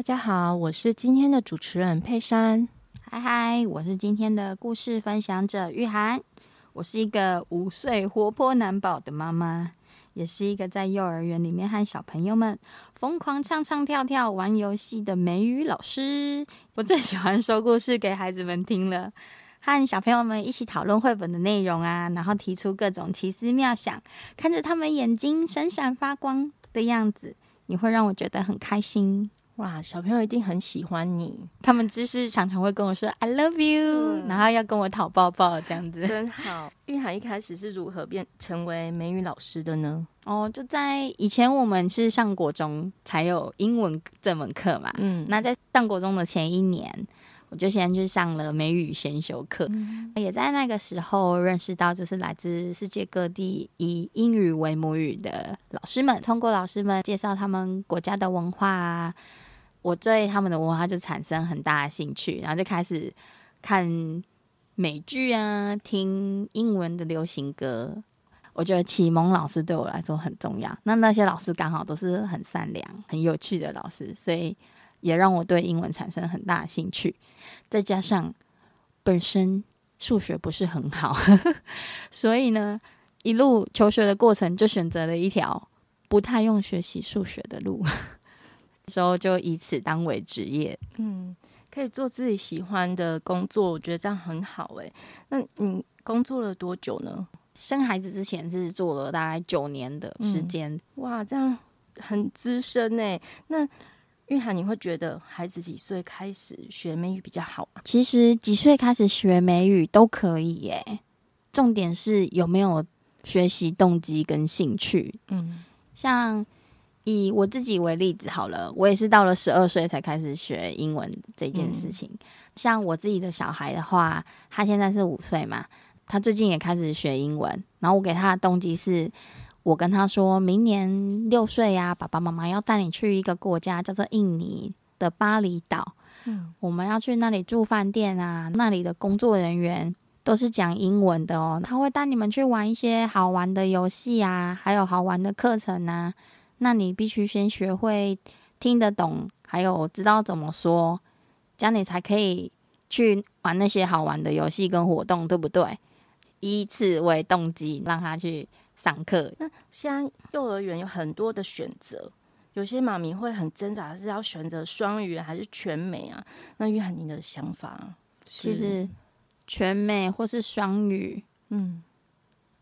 大家好，我是今天的主持人佩珊。嗨嗨，我是今天的故事分享者郁涵。我是一個五歲活潑男寶的媽媽，也是一個在幼兒園裡面和小朋友們瘋狂唱唱跳跳玩遊戲的美語老師。我最喜歡說故事給孩子們聽了，和小朋友們一起討論繪本的內容啊，然後提出各種奇思妙想，看着他們眼睛閃閃發光的樣子，你會讓我覺得很開心。哇，小朋友一定很喜歡你。他們就是常常會跟我說 “I love you”，對然後要跟我討抱抱這樣子，真好。郁涵一開始是如何變成為美語老師的呢？哦，就在以前我們是上國中才有英文這門課嘛。嗯，那在上國中的前一年，我就先去上了美語先修課，嗯、也在那個時候認識到，就是來自世界各地以英語為母語的老師們。通過老師們介紹他們國家的文化、啊。我對他們的文化就產生很大的興趣，然後就開始看美劇啊，聽英文的流行歌。我覺得啟蒙老師對我來說很重要，那那些老師剛好都是很善良、很有趣的老師，所以也讓我對英文產生很大的興趣。再加上本身數學不是很好， 所以呢，一路求學的過程就選擇了一條不太用學習數學的路。時候就以此當為職業，嗯，可以做自己喜歡的工作，我覺得這樣很好誒、欸。那你工作了多久呢？生孩子之前是做了大概九年的時間。嗯，哇，這樣很資深呢、欸。那玉涵，你會覺得孩子幾歲開始學美語比較好啊？其實幾歲開始學美語都可以哎、欸。重點是有沒有學習動機跟興趣。嗯，像。以我自己為例子好了，我也是到了十二歲才開始學英文這件事情。嗯、像我自己的小孩的話，他現在是五歲嘛，他最近也開始學英文。然後我給他的動機是，我跟他說明年六歲呀、啊，爸爸媽媽要帶你去一個國家叫做印尼的巴厘島，嗯、我們要去那裡住飯店啊，那裡的工作人員都是講英文的哦，他會帶你們去玩一些好玩的遊戲啊，還有好玩的課程啊。那你必須先學會聽得懂，還有知道怎麼說，這樣你才可以去玩那些好玩的遊戲跟活動，對不對？以此為動機讓他去上課。那現在幼兒園有很多的選擇，有些媽咪會很掙扎，是要選擇雙語還是全美啊？那約翰，你的想法？其實全美或是雙語，嗯，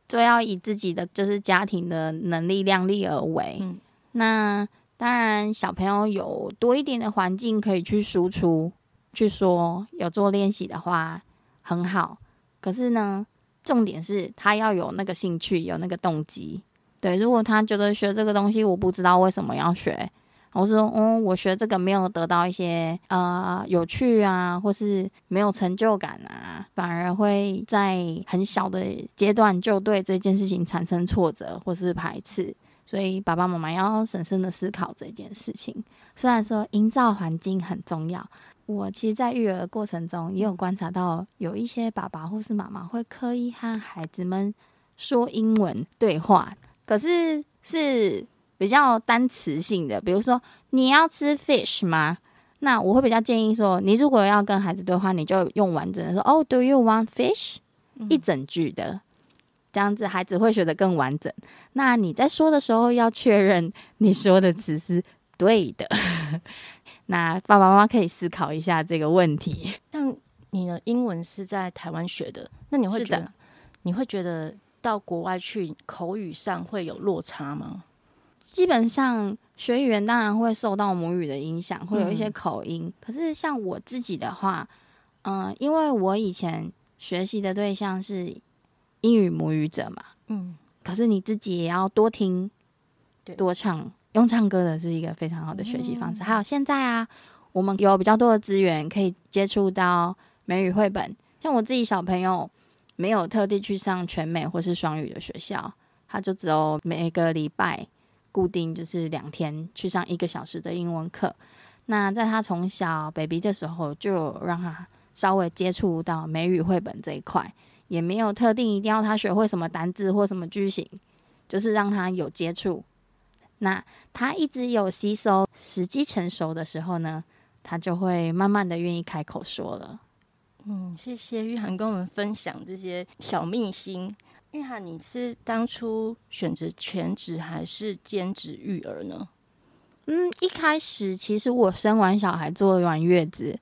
都要以自己的就是家庭的能力量力而為。嗯那當然，小朋友有多一點的環境可以去輸出、去說，有做練習的話很好。可是呢，重點是他要有那個興趣、有那個動機。對，如果他覺得學這個東西，我不知道為什麼要學，我是說，嗯、哦，我學這個沒有得到一些呃有趣啊，或是沒有成就感啊，反而會在很小的階段就對這件事情產生挫折或是排斥。所以，爸爸媽媽要深深的思考這件事情。雖然說營造環境很重要，我其實，在育兒的過程中也有觀察到，有一些爸爸或是媽媽會刻意和孩子們說英文對話，可是是比較單詞性的，比如說你要吃 fish 嗎？那我會比較建議說，你如果要跟孩子對話，你就用完整的說，哦，Do you want fish？、嗯、一整句的。這樣子，孩子會學得更完整。那你在說的時候，要確認你說的詞是對的。 那爸爸媽媽可以思考一下這個問題。像你的英文是在台灣學的，那你會覺得的你會覺得到國外去口語上會有落差嗎？基本上，學語言當然會受到母語的影響，會有一些口音。嗯、可是像我自己的話，嗯、呃，因為我以前學習的對象是英語母語者嘛，嗯，可是你自己也要多聽，對多唱，用唱歌的是一個非常好的學習方式。嗯，還有現在啊，我們有比較多的資源可以接觸到美語繪本。像我自己小朋友沒有特地去上全美或是雙語的學校，他就只有每個禮拜固定就是兩天去上一個小時的英文課。那在他從小 baby 的時候，就有讓他稍微接觸到美語繪本這一塊。也沒有特定一定要他學會什麼單字或什麼句型，就是讓他有接觸。那他一直有吸收，時機成熟的時候呢，他就會慢慢的願意開口說了。嗯，謝謝郁涵跟我們分享這些小秘辛。郁涵，你是當初選擇全職還是兼職育兒呢？嗯，一開始其實我生完小孩坐完月子，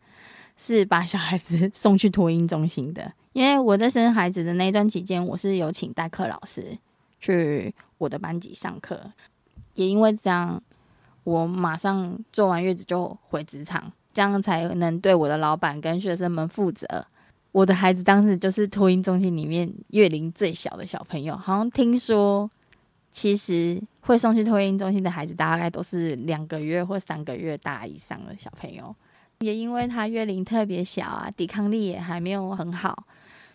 是把小孩子送去托嬰中心的。因為我在生孩子的那一段期間，我是有請代課老師去我的班級上課，也因為這樣，我馬上坐完月子就回職場，這樣才能對我的老板跟學生們負責。我的孩子當時就是托嬰中心裡面月齡最小的小朋友，好像聽說，其實會送去托嬰中心的孩子大概都是兩個月或三個月大以上的小朋友，也因為他月齡特別小啊，抵抗力也還沒有很好。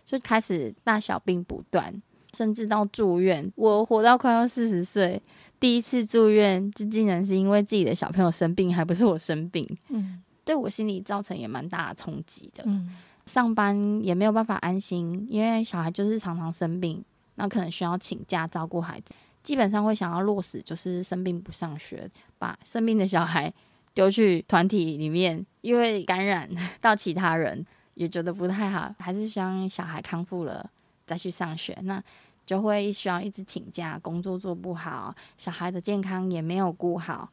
就開始大小病不斷，甚至到住院。我活到快要四十歲，第一次住院，就竟然是因為自己的小朋友生病，還不是我生病。嗯，對我心理造成也蠻大的衝擊的。嗯，上班也沒有辦法安心，因為小孩就是常常生病，那可能需要請假照顧孩子。基本上會想要落實，就是生病不上學，把生病的小孩丟去團體裡面，因為感染到其他人，也覺得不太好，還是希望小孩康復了再去上學。那就會需要一直請假，工作做不好，小孩的健康也沒有顧好，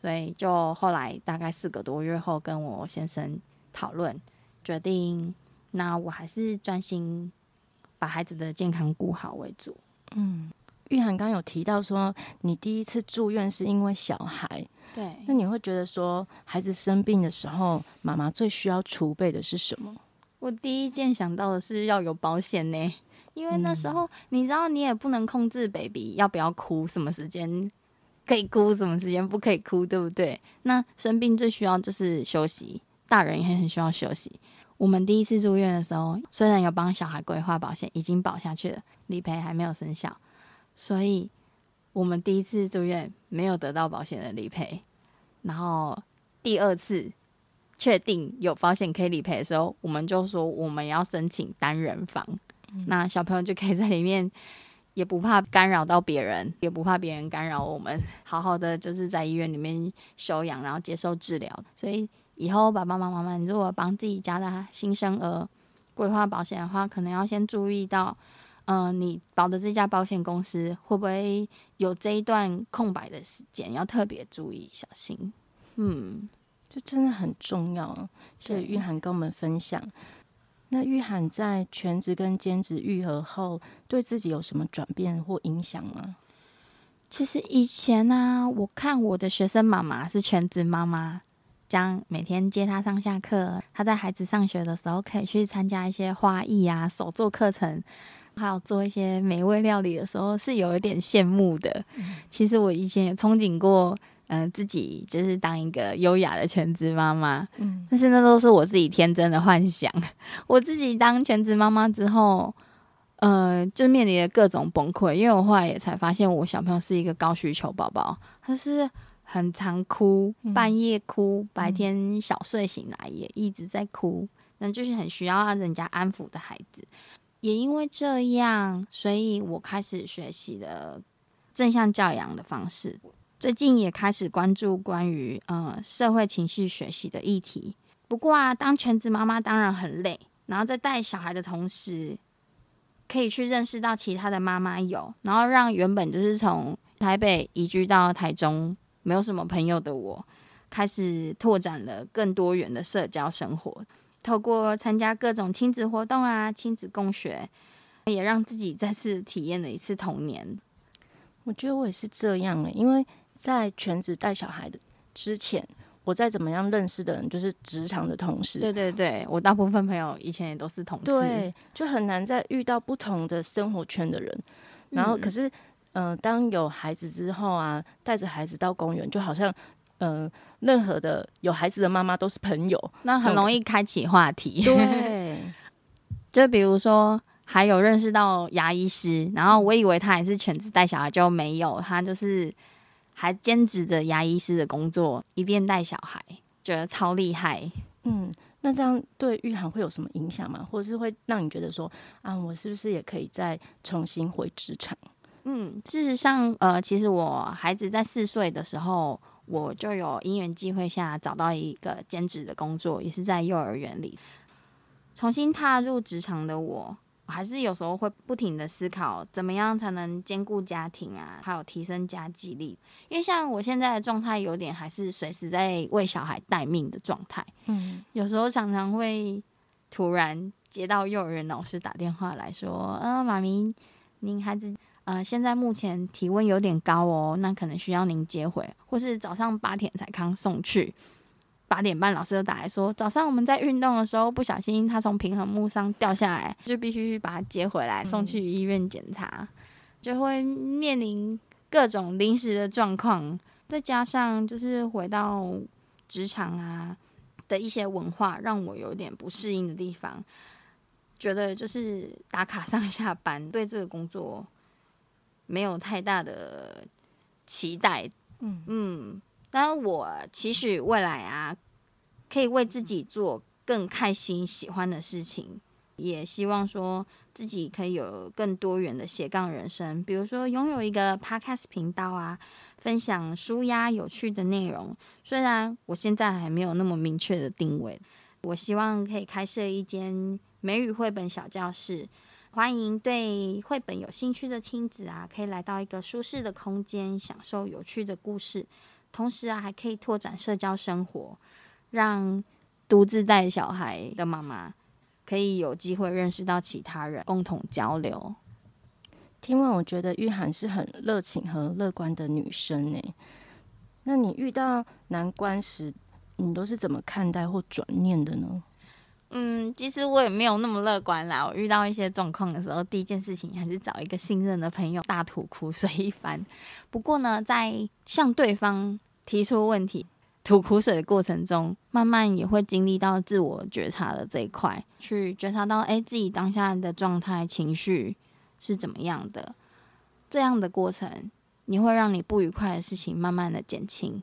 所以就後來大概四個多月後，跟我先生討論，決定那我還是專心把孩子的健康顧好為主。嗯，郁涵剛有提到說，你第一次住院是因為小孩。對，那你會覺得說，孩子生病的時候，媽媽最需要儲備的是什麼？我第一件想到的是要有保險呢，因為那時候你知道，你也不能控制 baby、嗯、要不要哭，什麼時間可以哭，什麼時間不可以哭，對不對？那生病最需要就是休息，大人也很需要休息。我們第一次住院的時候，雖然有幫小孩規劃保險，已經保下去了，理賠還沒有生效，所以。我們第一次住院沒有得到保險的理賠，然後第二次確定有保險可以理賠的時候，我們就說我們要申請單人房，嗯、那小朋友就可以在裡面，也不怕干擾到別人，也不怕別人干擾我們，好好的就是在醫院裡面休養，然後接受治療。所以以後爸爸媽媽們如果幫自己家的新生兒規劃保險的話，可能要先注意到。嗯、呃，你保的這家保險公司會不會有這一段空白的時間？要特別注意，小心。嗯，這真的很重要。謝謝郁涵跟我們分享。對那郁涵在全職跟兼職愈合後，對自己有什麼轉變或影響嗎？其實以前呢、啊，我看我的學生媽媽是全職媽媽，將每天接她上下課。她在孩子上學的時候，可以去參加一些花藝啊、手作課程。還有做一些美味料理的時候，是有一點羨慕的。嗯、其實我以前也憧憬過，嗯、呃，自己就是當一個優雅的全職媽媽。嗯，但是那都是我自己天真的幻想。我自己當全職媽媽之後，嗯、呃，就面臨了各種崩潰。因為我後來也才發現，我小朋友是一個高需求寶寶，他是很常哭，半夜哭，嗯、白天小睡醒來也一直在哭，那就是很需要人家安撫的孩子。也因為這樣，所以我開始學習了正向教養的方式。最近也開始關注關於嗯社會情緒學習的議題。不過啊，當全職媽媽當然很累，然後在帶小孩的同時，可以去認識到其他的媽媽友，然後讓原本就是從台北移居到台中，沒有什麼朋友的我，開始拓展了更多元的社交生活。透過參加各種親子活動啊，親子共學，也讓自己再次體驗了一次童年。我覺得我也是這樣、欸，因為在全職帶小孩的之前，我再怎麼樣認識的人，就是職場的同事。對對對，我大部分朋友以前也都是同事，對，就很難再遇到不同的生活圈的人。然後，可是，嗯、呃，當有孩子之後啊，帶着孩子到公園，就好像。嗯、呃，任何的有孩子的媽媽都是朋友，那很容易開啟話題。對， 就比如說還有認識到牙醫師，然後我以為他也是全職帶小孩，就沒有，他就是還兼職的牙醫師的工作，一邊帶小孩，覺得超厲害。嗯，那這樣對郁涵會有什麼影響嗎？或者是會讓你覺得說，啊，我是不是也可以再重新回職場？嗯，事實上，呃，其實我孩子在四歲的時候，我就有因緣際會下，找到一個兼職的工作，也是在幼兒園裡。重新踏入職場的我，我還是有時候會不停地思考，怎麼樣才能兼顧家庭啊，還有提升家績力。因為像我現在的狀態，有點還是隨時在為小孩待命的狀態。嗯，有時候常常會突然接到幼兒園老師打電話來說：“嗯、哦，媽咪，您孩子……”呃，現在目前體溫有點高哦，那可能需要您接回，或是早上八點才剛送去。八點半，老師就打來說，早上我們在運動的時候不小心，他從平衡木上掉下來，就必須去把他接回來，送去醫院檢查，嗯、就會面臨各種臨時的狀況，再加上就是回到職場啊的一些文化，讓我有點不適應的地方，覺得就是打卡上下班，對這個工作。沒有太大的期待，嗯,嗯，但我期許未來啊，可以為自己做更開心、喜歡的事情，也希望說自己可以有更多元的斜槓人生。比如說，擁有一個 Podcast 頻道啊，分享紓壓有趣的內容。雖然我現在還沒有那麼明確的定位，我希望可以開設一間美語繪本小教室。歡迎對繪本有興趣的親子啊，可以來到一個舒適的空間，享受有趣的故事，同時啊，還可以拓展社交生活，讓獨自帶小孩的媽媽可以有機會認識到其他人，共同交流。聽完，我覺得郁涵是很熱情和樂觀的女生呢。那你遇到難關時，你都是怎麼看待或轉念的呢？嗯，其實我也沒有那麼樂觀啦。我遇到一些狀況的時候，第一件事情還是找一個信任的朋友大吐苦水一番。不過呢，在向對方提出問題、吐苦水的過程中，慢慢也會經歷到自我覺察的這一塊，去覺察到哎，自己當下的狀態、情緒是怎麼樣的。這樣的過程，你會讓你不愉快的事情慢慢的減輕，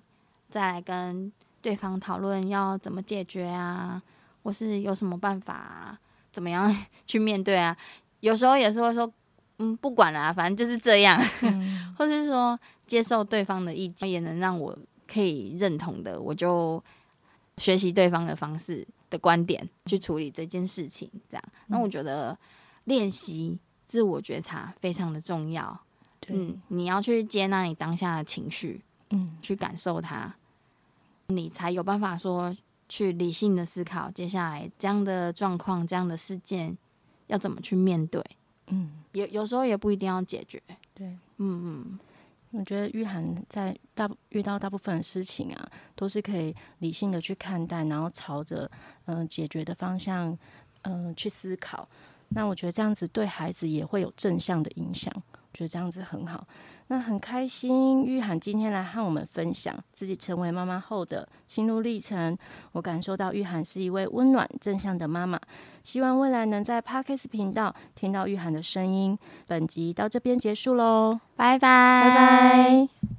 再來跟對方討論要怎麼解決啊。我是有什麼辦法啊？怎麼樣去面對啊？有時候也是會說，嗯，不管啦，反正就是這樣。嗯、或是說，接受對方的意見，也能讓我可以認同的，我就學習對方的方式、的觀點去處理這件事情。這樣，那、嗯、我覺得練習自我覺察非常的重要。對嗯，你要去接納你當下的情緒，嗯，去感受它，你才有辦法說。去理性的思考，接下來這樣的狀況、這樣的事件要怎麼去面對？嗯，有有時候也不一定要解決。對，嗯嗯，我覺得郁涵在大遇到大部分的事情啊，都是可以理性的去看待，然後朝着嗯、呃、解決的方向嗯、呃、去思考。那我覺得這樣子對孩子也會有正向的影響，覺得這樣子很好。那很開心，郁涵今天來和我們分享自己成為媽媽後的心路歷程。我感受到郁涵是一位溫暖正向的媽媽，希望未來能在 Podcast 頻道聽到郁涵的聲音。本集到這邊結束嘍，拜拜拜拜。